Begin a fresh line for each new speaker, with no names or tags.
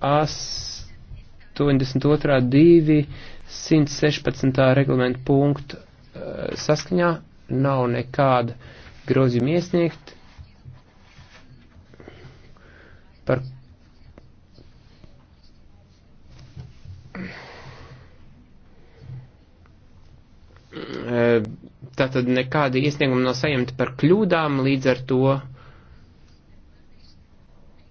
82. 216. reglamentu punktu eh, saskaņā nav nekāda grozījuma iesniegt, par eh, Tātad nekādi iesniegumi nav saņemti par kļūdām, līdz ar to uh,